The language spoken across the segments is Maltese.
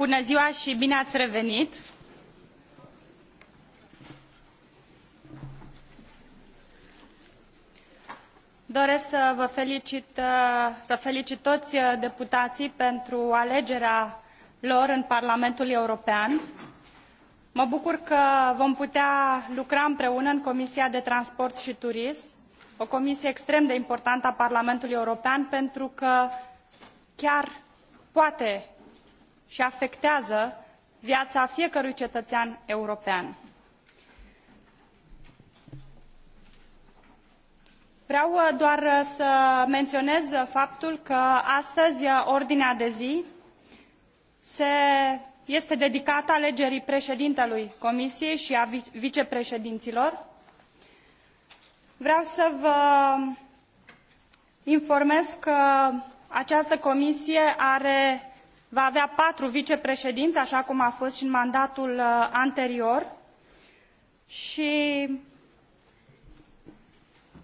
Bună ziua și bine ați revenit! Doresc să vă felicit, uh, să felicit toți uh, deputații pentru alegerea lor în Parlamentul European. Mă bucur că vom putea lucra împreună în Comisia de Transport și Turism, o comisie extrem de importantă a Parlamentului European pentru că chiar poate și afectează viața fiecărui cetățean european. Vreau uh, doar uh, să menționez uh, faptul că astăzi ordinea de zi se, este dedicată alegerii președintelui Comisiei și a vicepreședinților. Vreau să vă informez că această comisie are va avea patru vicepreședinți, așa cum a fost și în mandatul uh, anterior, și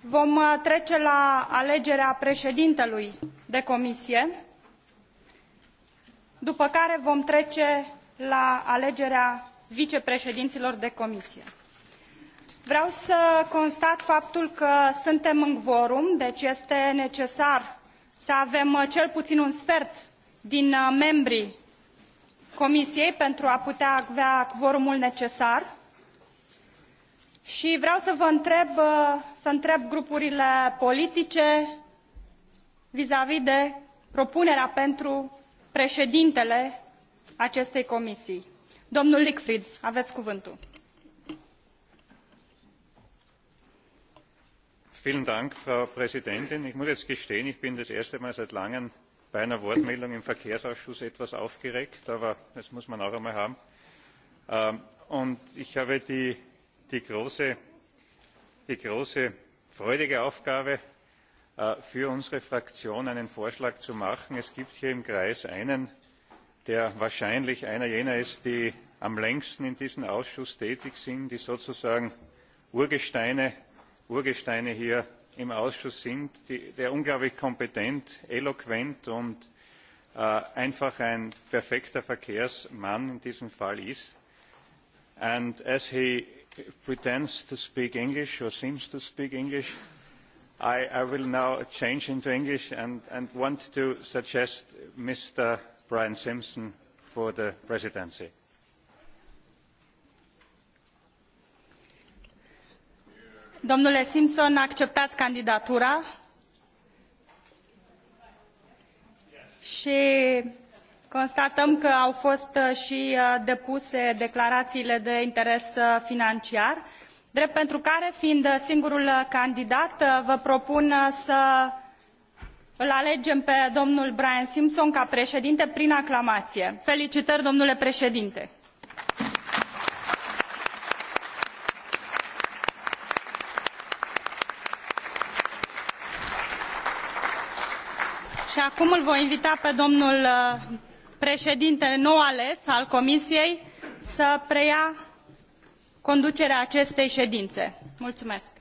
vom uh, trece la alegerea președintelui de comisie, după care vom trece la alegerea vicepreședinților de comisie. Vreau să constat faptul că suntem în quorum, deci este necesar să avem uh, cel puțin un sfert din uh, membrii Comisiei pentru a putea avea quorumul necesar. Și vreau să vă întreb, uh, să întreb grupurile politice vis-a-vis -vis de propunerea pentru președintele acestei comisii. Domnul Lickfried, aveți cuvântul. Vielen Dank, Frau Präsidentin. Ich muss jetzt gestehen, ich bin das erste Mal seit langem bei einer Wortmeldung im Verkehrsausschuss etwas aufgeregt, aber das muss man auch einmal haben. Ähm, und ich habe die, die, große, die große freudige Aufgabe, äh, für unsere Fraktion einen Vorschlag zu machen. Es gibt hier im Kreis einen, der wahrscheinlich einer jener ist, die am längsten in diesem Ausschuss tätig sind, die sozusagen Urgesteine, Urgesteine hier im Ausschuss sind, der unglaublich kompetent, eloquent und äh, einfach ein perfekter Verkehrsmann in diesem Fall ist. And as he pretends to speak English or seems to speak English, I, I will now change into English and want to suggest Mr. Brian Simpson for the presidency. Domnule Simpson, acceptați candidatura? Și constatăm că au fost uh, și uh, depuse declarațiile de interes uh, financiar, drept pentru care, fiind singurul candidat, vă propun să îl alegem pe domnul Brian Simpson ca președinte prin aclamație. Felicitări, domnule președinte! Acum îl voi invita pe domnul uh, președinte nou ales al Comisiei să preia conducerea acestei ședințe. Mulțumesc!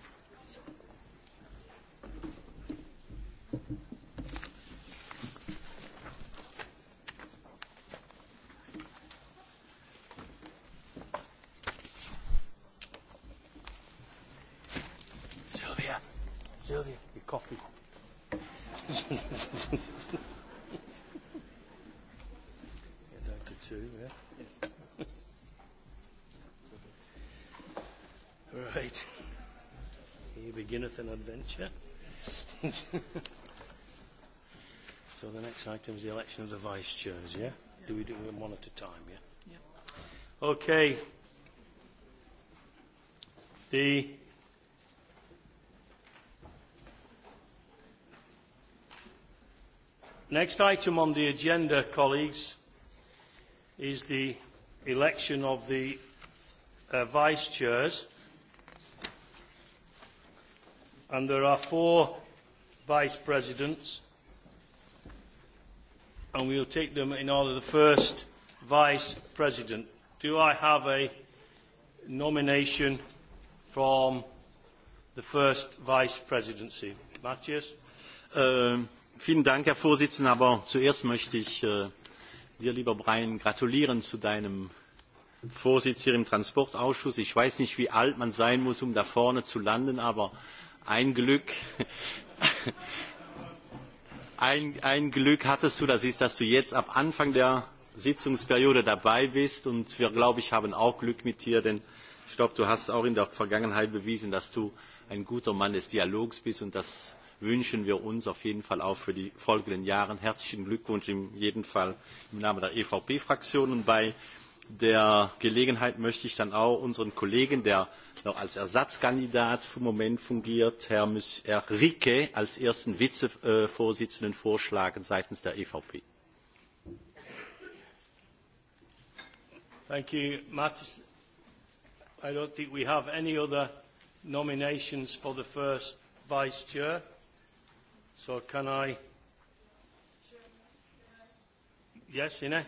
Silvia, Silvia, your coffee. beginneth an adventure. so the next item is the election of the vice chairs, yeah? yeah. Do we do them one at a time, yeah? Yeah. Okay. The Next item on the agenda, colleagues, is the election of the uh, vice chairs and there are four vice presidents and we will take them in order. The first vice president. Do I have a nomination from the first vice presidency? Matthias? Uh, vielen Dank, Herr Vorsitzender. Aber zuerst möchte ich uh, dir, lieber Brian, gratulieren zu deinem Vorsitz hier im Transportausschuss. Ich weiß nicht, wie alt man sein muss, um da vorne zu landen, aber ein Glück. Ein, ein Glück hattest du, das ist, dass du jetzt ab Anfang der Sitzungsperiode dabei bist und wir, glaube ich, haben auch Glück mit dir, denn ich glaube, du hast auch in der Vergangenheit bewiesen, dass du ein guter Mann des Dialogs bist und das wünschen wir uns auf jeden Fall auch für die folgenden Jahre. Herzlichen Glückwunsch in jedem Fall im Namen der EVP-Fraktion und bei der Gelegenheit möchte ich dann auch unseren Kollegen, der noch als Ersatzkandidat im Moment fungiert, Herr, Herr Ricke, als ersten Vizevorsitzenden vorschlagen seitens der EVP. Thank you, Matt. I don't think we have any other nominations for the first vice chair. So can I? Yes, Ineth?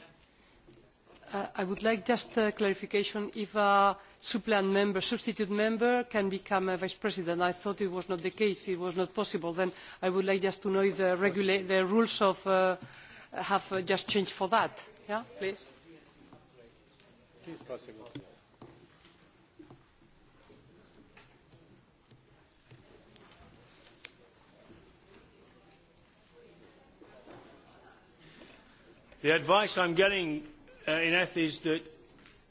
Uh, I would like just a clarification if a suppleant member, substitute member, can become a vice president. I thought it was not the case, it was not possible. Then I would like just to know if the, regula the rules of, uh, have uh, just changed for that. Yeah, please. The advice I'm getting uh, in is that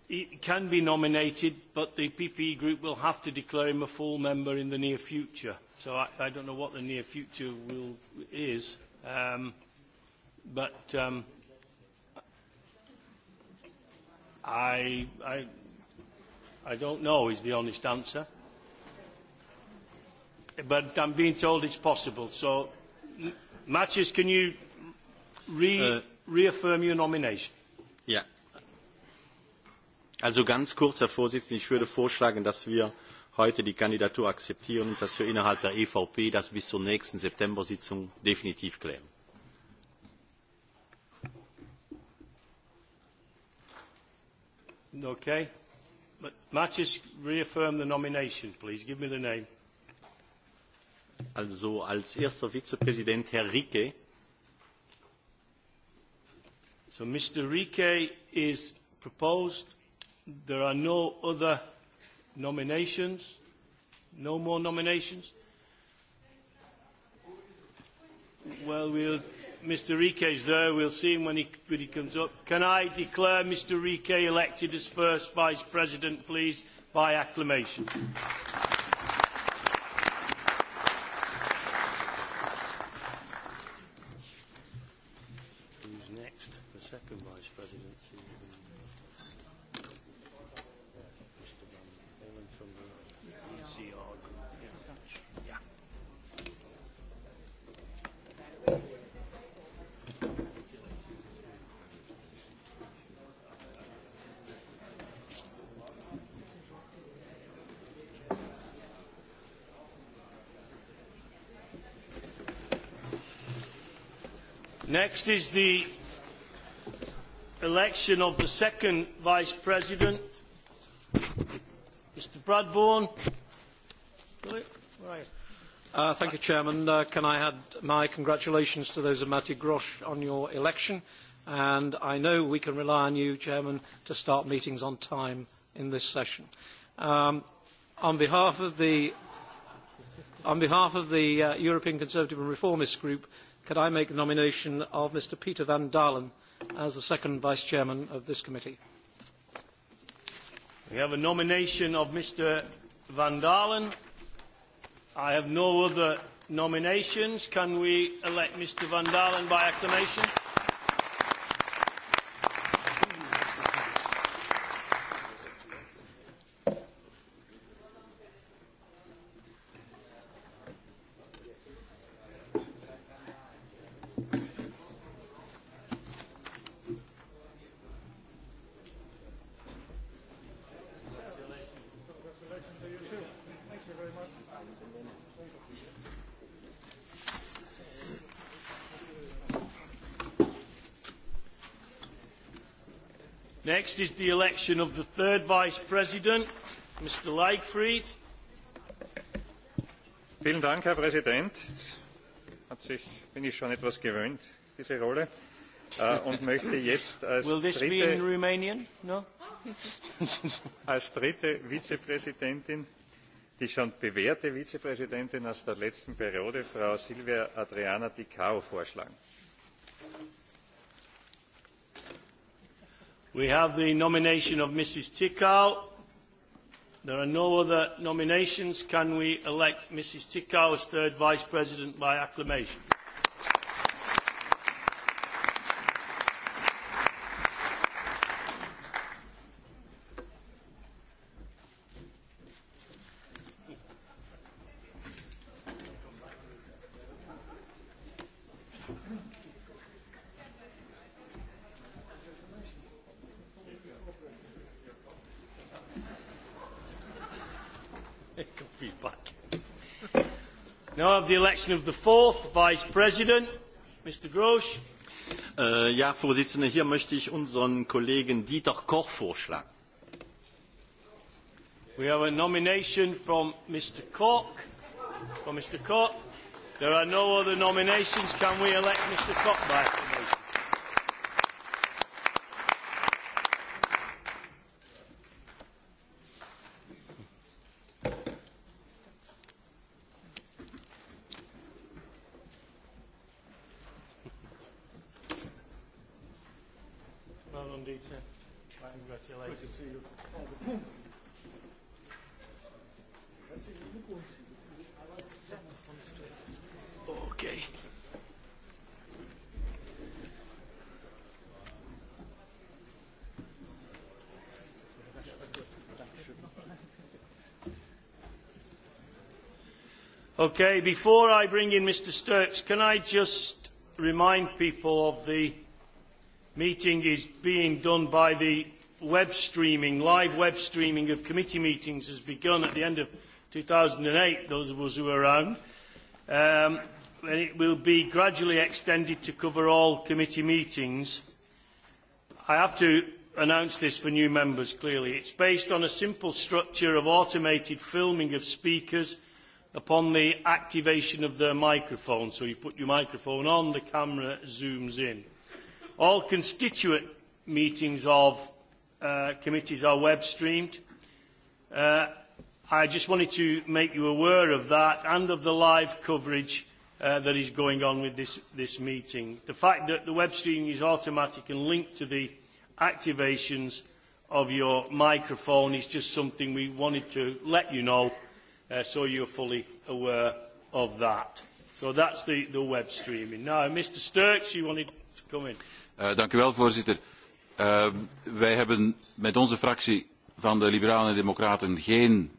he can be nominated, but the PPE group will have to declare him a full member in the near future. So I, I don't know what the near future will, is. Um, but um, I, I, I don't know is the honest answer. But I'm being told it's possible. So, Matches, can you re uh, reaffirm your nomination? Ja. Also ganz kurz, Herr Vorsitzender, ich würde vorschlagen, dass wir heute die Kandidatur akzeptieren und dass wir innerhalb der EVP das bis zur nächsten September-Sitzung definitiv klären. Okay. Matches, reaffirm the nomination, please. Give me the name. Also als erster Vizepräsident Herr Ricke So Mr. Rike is proposed. There are no other nominations. No more nominations. Well, we'll, Mr. Rike is there. We'll see him when he, when he comes up. Can I declare Mr. Rike elected as first vice president, please, by acclamation? second vice presidency. Mr. Van from the CR group. yeah. Next is the election of the second Vice President, Mr. Bradbourne. Uh, thank you, Chairman. Uh, can I add my congratulations to those of Matty Grosh on your election? And I know we can rely on you, Chairman, to start meetings on time in this session. Um, on behalf of the, on behalf of the uh, European Conservative and Reformist Group, could I make a nomination of Mr. Peter Van Dalen as the second vice chairman of this committee. We have a nomination of Mr. Van Dalen. I have no other nominations. Can we elect Mr. Van Dalen by acclamation? Next is the election of the third Vice President, Mr. Leichfried. Vielen Dank, Herr Präsident. Hat sich, bin ich schon etwas gewöhnt, diese Rolle. Uh, und möchte jetzt als Will this dritte, be in Romanian? No? als dritte Vizepräsidentin, die schon bewährte Vizepräsidentin aus der letzten Periode, Frau Silvia Adriana Di vorschlagen. We have the nomination of Mrs. Tickau. There are no other nominations. Can we elect Mrs. Tickau as third Vice President by acclamation? have the election of the fourth Vice President, Mr. Grosch. Uh, ja, Vorsitzende, hier möchte ich unseren Kollegen Dieter Koch vorschlagen. We have a nomination from Mr. Koch. From Mr. Koch. There are no other nominations. Can we elect Mr. Koch back? Okay, before I bring in Mr. Sturks, can I just remind people of the meeting is being done by the web streaming, live web streaming of committee meetings has begun at the end of 2008, those of us who are around. Um, and it will be gradually extended to cover all committee meetings. I have to announce this for new members, clearly. It's based on a simple structure of automated filming of speakers – upon the activation of their microphone. So you put your microphone on, the camera zooms in. All constituent meetings of uh, committees are web streamed. Uh, I just wanted to make you aware of that and of the live coverage uh, that is going on with this, this meeting. The fact that the web streaming is automatic and linked to the activations of your microphone is just something we wanted to let you know uh, so you're fully aware of that. So that's the, the web streaming. Now, Mr. Sturks, you wanted to come in. Uh, dank u wel, voorzitter. Uh, wij hebben met onze fractie van de Liberalen en Democraten geen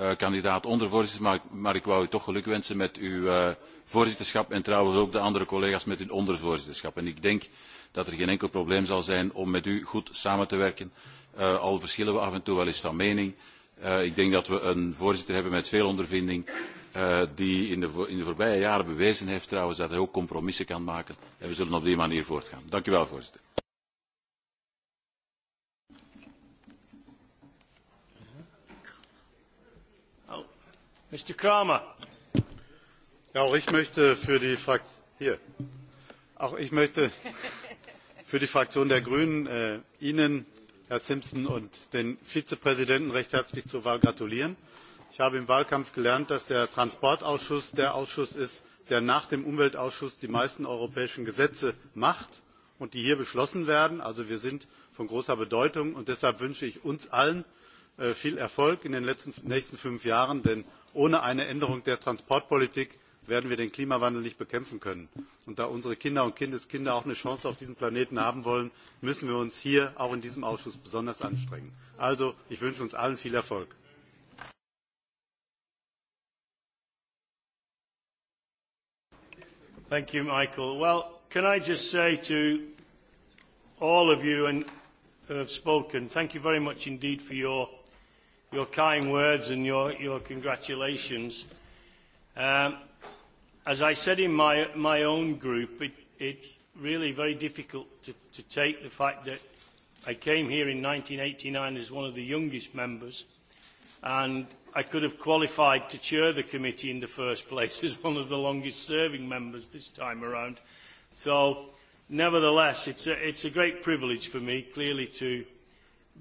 uh, kandidaat ondervoorzitter, maar, maar ik wou u toch geluk wensen met uw uh, voorzitterschap en trouwens ook de andere collega's met hun ondervoorzitterschap. En ik denk dat er geen enkel probleem zal zijn om met u goed samen te werken, uh, al verschillen we af en toe wel eens van mening. Uh, ik denk dat we een voorzitter hebben met veel ondervinding uh, die in de, in de voorbije jaren bewezen heeft trouwens dat hij ook compromissen kan maken. En we zullen op die manier voortgaan. Dank u wel, voorzitter. Oh. Mr. Kramer. Ja, auch ich möchte voor die fractie... hier. Auch ich möchte für die Fraktion der Grünen äh, Ihnen Herr Simpson und den Vizepräsidenten recht herzlich zur Wahl gratulieren. Ich habe im Wahlkampf gelernt, dass der Transportausschuss der Ausschuss ist, der nach dem Umweltausschuss die meisten europäischen Gesetze macht und die hier beschlossen werden. Also wir sind von großer Bedeutung und deshalb wünsche ich uns allen äh, viel Erfolg in den nächsten fünf Jahren, denn ohne eine Änderung der Transportpolitik werden wir den Klimawandel nicht bekämpfen können. Und da unsere Kinder und Kindeskinder auch eine Chance auf diesem Planeten haben wollen, müssen wir uns hier auch in diesem Ausschuss besonders anstrengen. Also, ich wünsche uns allen viel Erfolg. Thank you, Michael. Well, can I just say to all of you and who have spoken, thank you very much indeed for your, your kind words and your, your congratulations. Um, as I said in my, my own group, it, it's really very difficult to, to take the fact that I came here in 1989 as one of the youngest members and I could have qualified to chair the committee in the first place as one of the longest serving members this time around. So nevertheless, it's a, it's a great privilege for me clearly to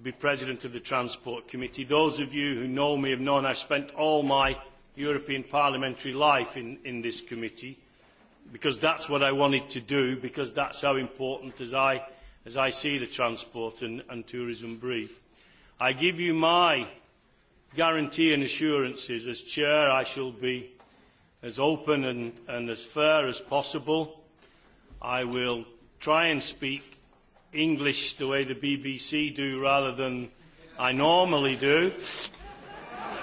be president of the Transport Committee. Those of you who know me have known I've spent all my European parliamentary life in, in this committee because that's what I wanted to do because that's how important as I, as I see the transport and, and tourism brief. I give you my guarantee and assurances as chair I shall be as open and, and as fair as possible. I will try and speak English the way the BBC do rather than I normally do.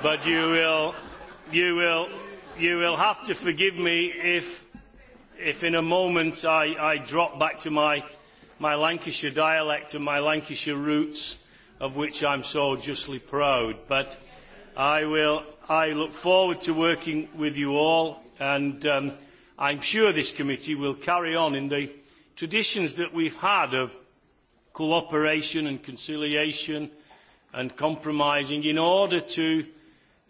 But you will, you will, you will have to forgive me if, if in a moment I, I drop back to my, my Lancashire dialect and my Lancashire roots, of which I'm so justly proud. But I, will, I look forward to working with you all, and um, I'm sure this committee will carry on in the traditions that we've had of cooperation and conciliation and compromising in order to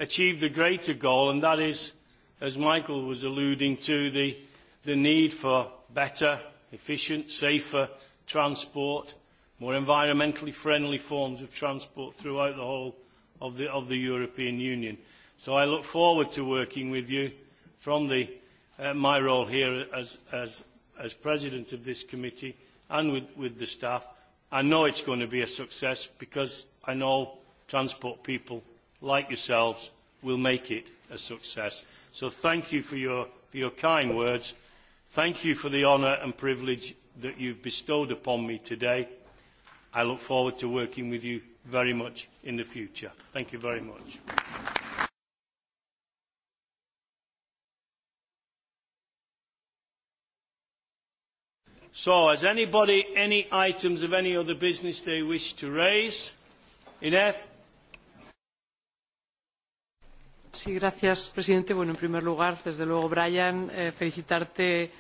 achieve the greater goal, and that is, as Michael was alluding to, the, the need for better, efficient, safer transport, more environmentally friendly forms of transport throughout the whole of the, of the European Union. So I look forward to working with you from the, uh, my role here as, as, as President of this committee and with, with the staff. I know it's going to be a success because I know transport people like yourselves will make it a success. So thank you for your, for your kind words. Thank you for the honour and privilege that you've bestowed upon me today. I look forward to working with you very much in the future. Thank you very much. So, has anybody any items of any other business they wish to raise? Ineth? Señor sí, presidente. Bueno, en primer lugar, desde luego, Brian, eh, felicitarte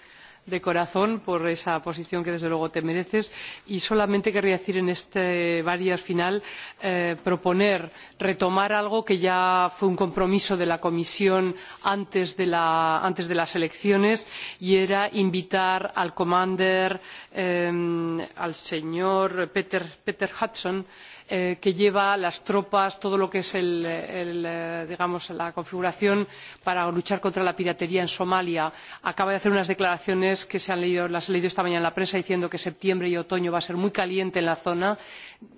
de corazón por esa posición que desde luego te mereces y solamente querría decir en este varias final eh, proponer retomar algo que ya fue un compromiso de la comisión antes de, la, antes de las elecciones y era invitar al commander eh, al señor Peter, Peter Hudson a eh, que lleva las tropas, todo lo que es el, el, eh, digamos, la configuración para luchar contra la piratería en Somalia. Acaba de hacer unas declaraciones que se han leído, las he leído esta mañana en la prensa diciendo que septiembre y otoño va a ser muy caliente en la zona.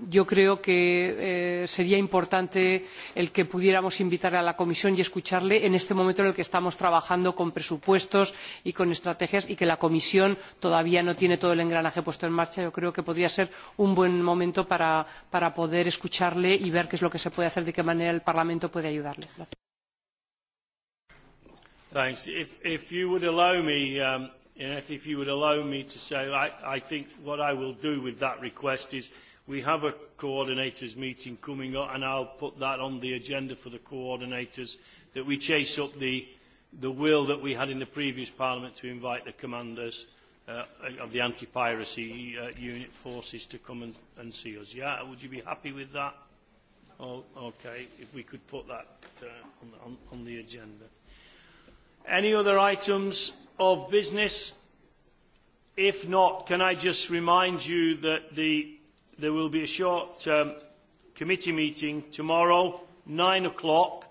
Yo creo que eh, sería importante el que pudiéramos invitar a la Comisión y escucharle en este momento en el que estamos trabajando con presupuestos y con estrategias y que la Comisión todavía no tiene todo el engranaje puesto en marcha. Yo creo que podría ser un buen momento para, para poder poder escucharle y ver qué es lo que se puede hacer, de qué manera el Parlamento puede ayudarle. Thanks. If, if you would allow me, um, and if, if you would allow me to say, I, I think what I will do with that request is we have a coordinators meeting coming up, and I'll put that on the agenda for the coordinators, that we chase up the, the will that we had in the previous parliament to invite the commanders uh, of the anti-piracy uh, unit forces to come and, and see us. Yeah, would you be happy with that? Oh, okay, if we could put that uh, on, on, on the agenda. Any other items of business? If not, can I just remind you that the, there will be a short um, committee meeting tomorrow, 9 o'clock,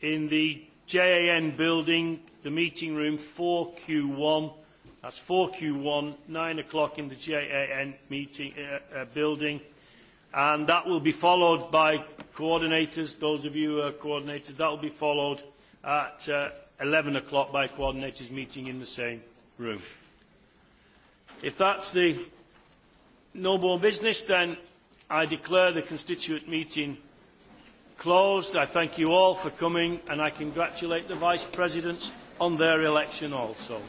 in the JAN building, the meeting room 4Q1 That's 4Q1, 9 o'clock in the JAN meeting uh, uh, building. And that will be followed by coordinators, those of you who are coordinators, that will be followed at uh, 11 o'clock by coordinators meeting in the same room. If that's the no more business, then I declare the constituent meeting closed. I thank you all for coming and I congratulate the Vice Presidents on their election also.